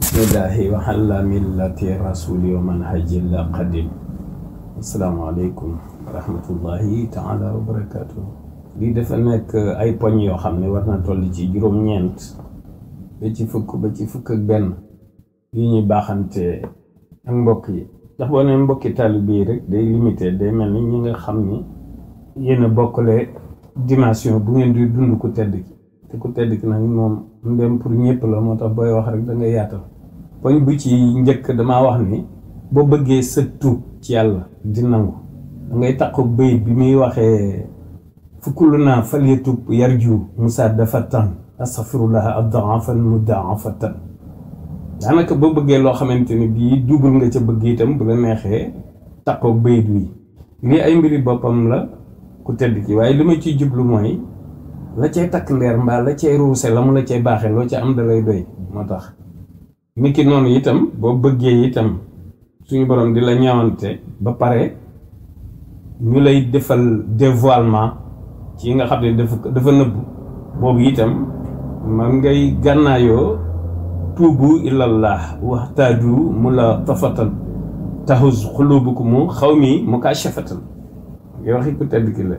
bismillahi wa ala millati rasuli wa manhaji la qadim assalaamu aleykum wa rahmatullahi taala wa barakatuh lii dafa nekk ay poñ yoo xam ne war na toll ci juróom-ñeent ba ci fukk ba ci fukk ak benn yi ñuy baaxante ak mbokk yi ndax boo ne mbokki taalib yi rek day limité day mel ni ñi nga xam ni yéen a bokkale dimension bu ngeen di dund ku tedd ki te ya ku tedd ki nag moom ndem pour ñëpp la moo tax booy wax rek da ngay yaatal poñ bu ci njëkk dama wax ni boo bëggee sa tuub ci yàlla di nangu da ngay taqu bëy bi muy waxee fukkulu naa yarju musa dafa tan astafirullah addaafan mudaafatan daanaka boo bëggee loo xamante ni bii duubul nga ca bëgg itam bu la neexee taqu bëy bi lii ay mbiri boppam la ku tedd ki waaye li ma jublu mooy la cay takk leer mbaa la cay ruuse la mu la cay baaxe loo ca am da lay doy moo tax niki noonu itam boo bëggee itam suñu borom di la ñawante ba pare ñu lay defal dévoilement ci nga xam ne dafa dafa nëbbu boobu itam man ngay gànnaayoo tuubu ilallah waxtaaju mu la tafatan tahuz xulubukumu xaw mi mu kaa shafatan nga waxi ku tedd la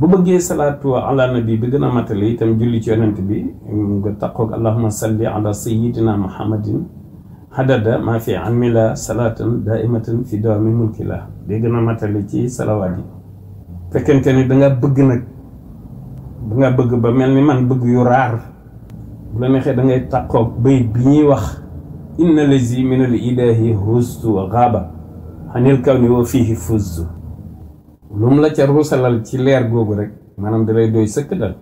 bu bëggee salaatu ala nabi bi gën a matali itam julli ci yonent bi nga taqoog allahuma salli ala sayidina muhammadin hadada maa fi amila salaatan daaimatan fi dawami mulki la gën a matali ci salawaat yi fekkente ni danga bëgg nag danga bëgg ba mel ni man bëgg yu raar bu la neexee da ngay taqoog bi ñuy wax inna lazi min al ilahi hustu wa xaaba xanil kaw ni wa fiihi fuztu lum la ci rousalal ci leer gogu rek manam dalay doy seuk dal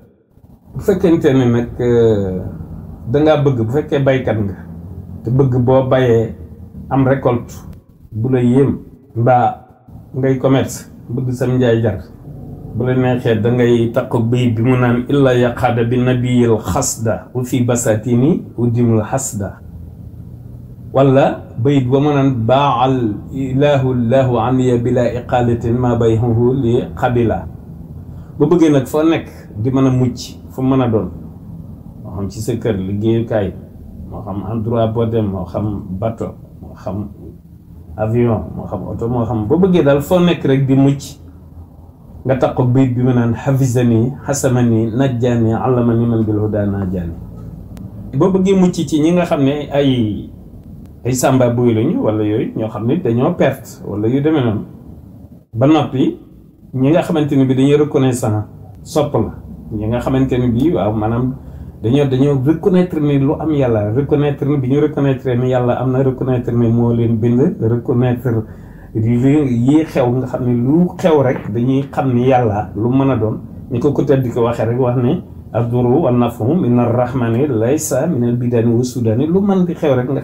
bu fekkente ni nak eh, da nga bëgg bu fekkee baykat nga te bëgg bo bayee am récolte bu la yéem mbaa ngay commerce bëgg sa njaay jar bu la nexé da ngay takku bi mu nan illa yaqada bin nabiyil khasda wa fi basatini udimul hasda wala bayit ba mu naan baal ilaahu laahu aniya bila iqalatin ma bayhuhu li xabila ba bëggee nag foo nekk di mën a mucc fu mën a doon moo xam ci sa kër liggéeyukaay moo xam endroit boo dem moo xam bato moo xam avion moo xam oto moo xam boo bëggee daal foo nekk rek di mucc nga tax ko bayit bi mu naan xafisani xasamani najjaani allamani man bil huda najjaani ba bëggee mucc ci ñi nga xam ne ay ay samba buy lañu wala yooyu ñoo xam ne dañoo perte wala yu demee noonu ba noppi ñi nga xamante bi dañuy reconnaissant sopp la ñi nga xamante ni bi waaw maanaam dañoo dañoo reconnaître ni lu am yàlla reconnaître ni bi reconnaître ni yàlla amna reconnaître ni moo leen bind reconnaître li yi xew nga lu xew rek dañuy xam ni lu mën a doon ni ko ko tedd ko waxee rek wax ne abduru wa nafu min arrahmani laysa min albidani wa sudani lu mën di xew rek nga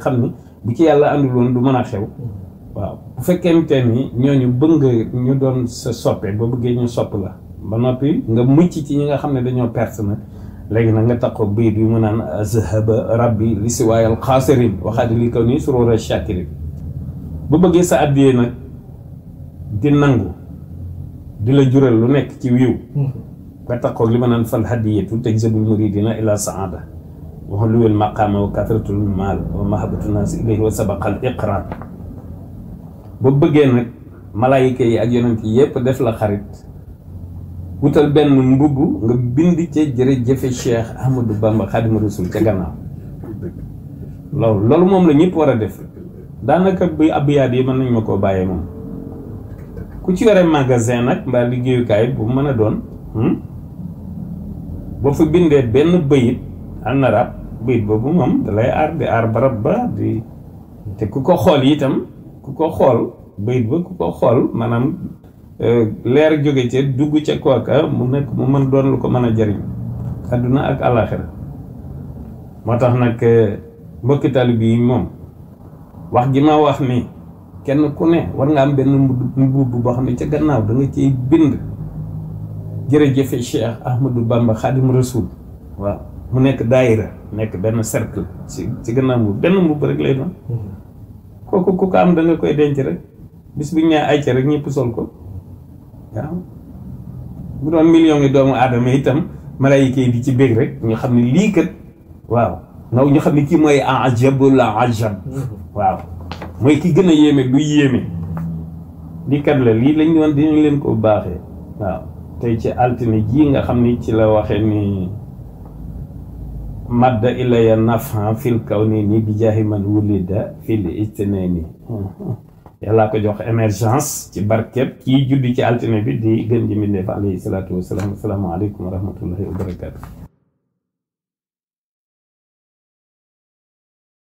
bu ci yalla andul won du meuna xew waaw bu fekkente ni ñooñu bëng ñu doon sa soppé ba bëgge ñu sopp la ba nopi nga mucc ci ñi nga xamne dañoo perte na nak nga bi bi mu naan azhaba rabbi li siwayal qasirin, xaasirin li shakirin bu bëgge sa addiyee nak di nangu di la jural lu nekk ci wiw ba hmm. taqoo li ma naan fal hadiyatu tajzabul muridina ila saada lu وحلو المقام وكثرة المال ومحبة الناس إليه وسبق الإقرار bu bëggee nag malaayika yi ak yonent yi yépp def la xarit wutal benn mbubb nga bind ca jërëjëfe Cheikh Ahmadou Bamba Xaadimu Rasuul ca gannaaw loolu loolu moom la ñëpp war a def daanaka bi abiyaat yi mën nañ ma ko bàyyee moom ku ci yore magasin nag mbaa liggéeyukaay bu mën a doon hmm? boo fa bindee benn bëyit en bayit boobu moom lay aar di aar barab ba di te ku ko xool itam ku ko xool bayit ba ku ko xool maanaam euh, leer jóge ca dugg ca kooka mu nekk mu mën doon lu ko mën a jariñ àdduna ak àllaaxira moo tax nag euh, mbokki talib yi moom wax gi ma wax ni kenn ku ne war nga am benn mbubb boo xam ne ca gannaaw da nga ciy bind jërëjëfe Cheikh Ahmadou Bamba Xaadimu rasoul waaw mu nekk daayira nekk benn cercle ci ci gannaaw mbubb benn mbubb rek lay doon mhm. kooku ku am da nga koy denc rek bis bu ñu nee ayca rek ñëpp sol ko waaw bu doon million yi doomu aadama itam malayka yi di ci bég rek ñu xam ni lii kat waaw nga ñu xam ne kii mooy ajabul ajab mhm. waaw mooy ki gën a yéeme du yéeme mhm. lii kat la lii lañ doon dinañ leen ko baaxee waaw tey ci altine ji nga xam ni ci la waxee ni madda ilaya nafan fil kawnini bi jaahi man wulida fil ijtinani yàllaa ko jox émergence ci barkeb kii juddi ci altine bi di gën ji mbindeef alayhi salaatu wasalaam asalaamaaleykum wa rahmatullahi wa barakatu